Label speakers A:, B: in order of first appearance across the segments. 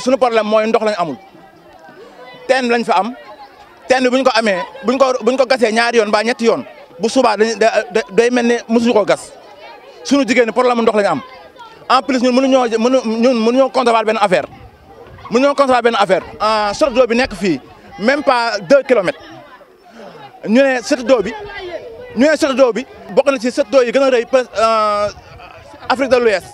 A: suñu problème mooy ndox lañ amul teen lañ fa am teen bi buñ ko amee buñ ko buñ ko gasee ñaari yoon baa ñetti yoon bu subaa dañuy day mel ne mosuñu koo gas suñu jigéen ñi problème mu ndox lañ am en plus ñun mënuñoo mënu ñun mënuñoo conserver benn affaire mënuñoo conserver benn affaire sotti doo bi nekk fii même pas deux kilomètres ñu ne sotti doo bi ñu ne sotti bi bokk na si sotti doo yi gën a rëy euh, Afrique de l'Ouest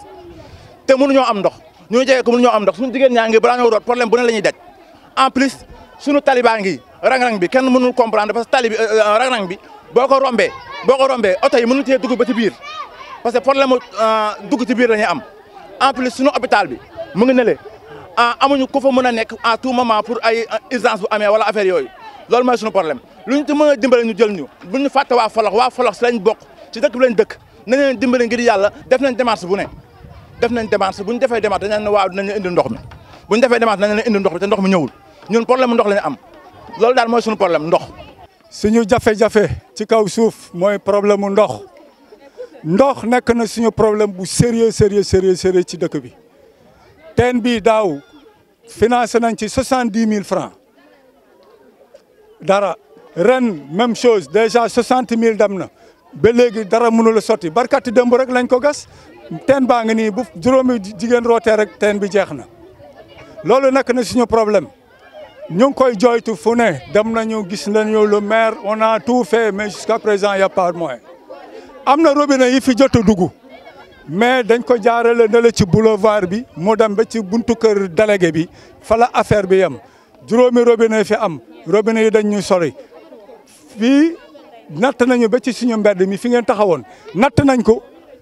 A: te mënuñoo am ndox. ñu jege ko mënuñoo am ndox suñu jigéen ñaa ngi balaa ñoo root problème bu ne la ñuy daj en plus suñu talibaa ngi rang bi kenn mënul comprendre parce que tali bi euh, euh, rang bi boo ko rombee boo ko rombee oto yi mënul cee dugg ba ci biir parce que problème euh, dugg ci biir la ñuy am en plus suñu hôpital bi mu ngi nele amuñu ku fa mën a nekk à tout moment pour ay urgence bu amee wala affaire yooyu loolu mooy suñu problème lu ñu mën a dimbale ñu jël ñu buñ ñu fàtte waa Folox waa Folox lañ bokk ci dëkk bi lañ dëkk nañ dimbale ngir yàlla def nañ démarche bu ne Nous avons des problèmes. ne problème
B: ndox problème problème problème sérieux sérieux sérieux francs même chose déjà 60 dara teen baa ngi nii bu juróomi jigéen rootee rek teen bi jeex na loolu nekk na suñu problème ñu ngi koy jooytu fu ne dem nañu gis nañu le maire on a tout fait mais jusqu'à présent y a pas am na robine yi fi jot a mais dañ ko jaarale ne la ci boulevard bi mu dem ba ci buntu kër dalege bi fa la affaire bi yem juróomi robinet fi am robinet yi dañ ñu sori fii natt nañu ba ci suñu mbedd mi fi ngeen woon natt nañ ko.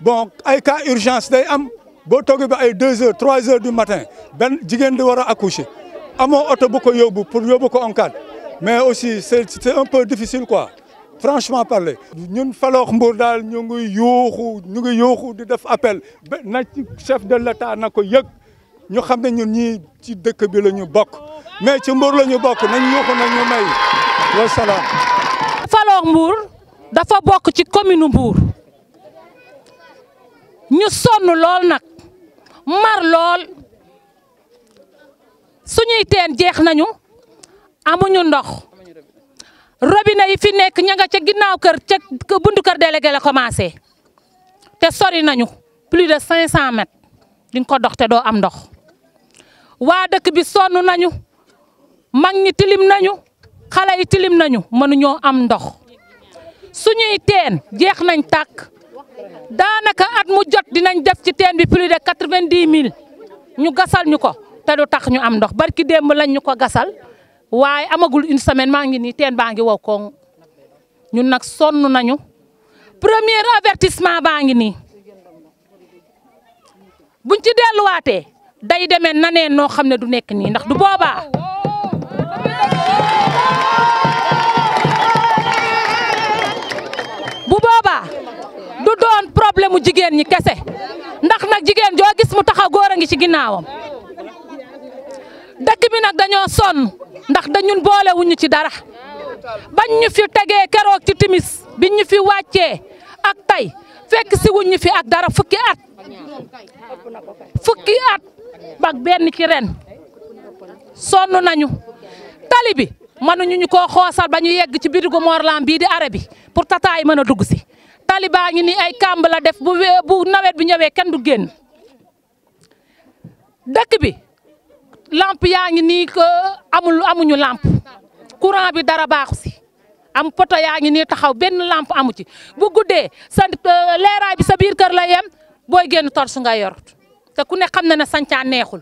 B: bon ay cas urgence day am bo togué ba ay 2 h 3 h du matin ben jigen de wara accoucher amo auto bu ko yobbu pour yobbu ko ONCAD mais aussi c'est est un peu difficile quoi franchement parler. ñun Falokh Mbour dal ñu ngi yuuxu ñu ngi yuuxu di def appel na ci chef de l'état nako yegg ñu xamné ñun ñi ci dëkk bi lañu ñu bokk mais ci Mbour lañu ñu bokk nañ yuuxu nañ ñu may wasalaam. Falokh Mbour
C: dafa bokk ci commune Mbour. ñu sonn lool nag mar lool suñuy teen jeex nañu amuñu ndox robinet yi fi nekk ña nga ca ginnaaw kër ca buntu kër délégué la commencé te sori nañu plus de 500 mètres di nga ko dox te doo am ndox waa dëkk bi sonn nañu mag ñi tilim nañu xale yi tilim nañu mënuñoo am ndox suñuy teen jeex nañ tàkk. daanaka at mu jot dinañ def ci teen bi plus de quatre-vingt-dix mille ñu gasal ñu ko te du tax ñu am ndox barki démb lañ ñu ko gasal waaye amagul une semaine maa ngi nii teen baa ngi wow ko ñun nag sonn nañu premier avertissement baa ngi nii buñ ci delluwaatee day demee naneen noo xam ne du nekk nii ndax du boobaa ginnaawam dëkk bi nak dañoo son ndax ñun boole wuñu ci dara bañ ñu fi tegee kérok ci timis biñ ñu fi wàccee ak tay fekk si ñu fi ak dara fukki at fukki at bak benn ci ren sonu nañu tali bi ñu ko xossal bañu yegg ci bitigu Morlan bi di arabi pour tataay mëna dugg si taliba ngi ni ay kamb la def bu bu nawet bi ñëwé kenn du génn dëkk bi lamp yaa ngi nii que amul amuñu lamp courant bi dara baaxu si am poto yaa ngi nii taxaw benn lamp amu ci bu guddee sa euh, leeraay bi sa biir kër la yem booy génn torche nga yor te ku ne xam na ne sancaa neexul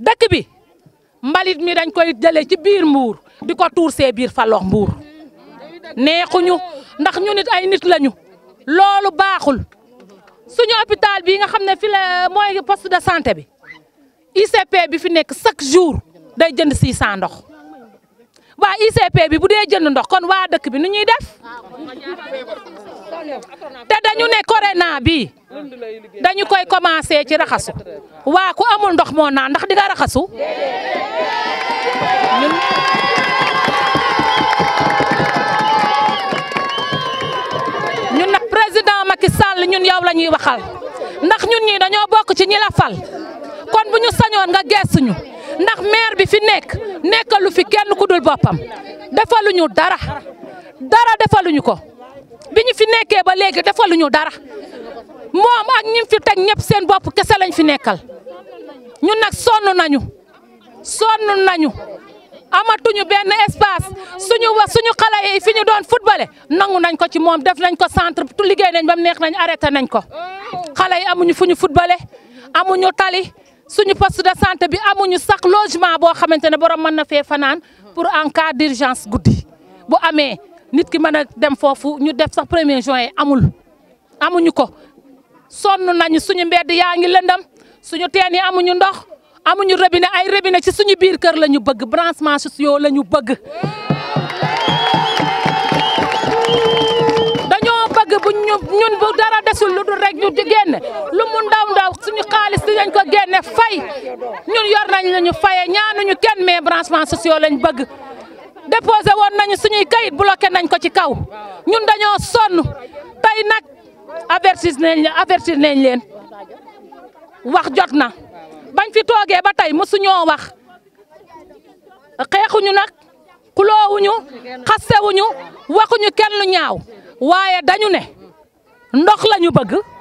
C: dëkk bi mbalit mi dañ koy jële ci biir mbuur di ko tuur see biir lox mbuur neexuñu ndax ñu nit ay nit lañu loolu baaxul suñu hôpital bi nga xam ne fi la mooy poste de santé bi ICP bi fi nekk chaque jour day jënd 600 ndox waa ICP bi bu dee jënd ndox kon waa dëkk bi nu ñuy def te dañu ne corona bi dañu koy commencé ci raxasu waa ku amul ndox moo naa ndax di nga raxasu ñun nag président Macky ñun yow la ñuy waxal ndax ñun ñii dañoo bokk ci ñi la fal kon bu ñu sañoon nga geesuñu ndax maire bi fi nekk nekkalu fi kenn ku dul boppam defaluñu dara dara defaluñu ko bi ñu fi nekkee ba léegi defaluñu dara moom ak ñim fi teg ñëpp seen bopp kese lañ fi nekkal ñun nag sonn nañu sonn nañu amatuñu benn espace suñu wax suñu xale yi fi ñu doon footballé nangu nañ ko ci moom def nañ ko centre tu liggéey nañ bam neex nañ arrêté nañ ko xale yi amuñu fu ñu footballé amuñu tali suñu poste de santé bi amuñu sax logement boo xamante ne borom mën na fee fanaan pour en cas d'urgence guddi bu amee nit ki mën a dem foofu ñu def sax premier join amul amuñu ko sonn nañu suñu mbedd yaa ngi lëndam suñu teen yi amuñu ndox amuñu robinet ay robinet ci suñu biir kër lañu bëgg branchement sociaux lañu ñu bëgg dañoo bëgg bu ñun bu dara desul lu dul rek ñu di génne lu mu ndaw ndaw suñu xaalis dinañ ko génne fay ñun yor nañ la ñu ñaanuñu kenn mais branchement sociaux lañu bëgg déposé won nañu suñuy kayit bloqué nañ ko ci kaw ñun dañoo sonn tey nag avertir nañ avertir nañ leen wax jot na bañ fi toogee ba tey mësuñoo wax xeexuñu nag xuloowuñu xassewuñu waxuñu kenn lu ñaaw waaye dañu ne ndox lañu bëgg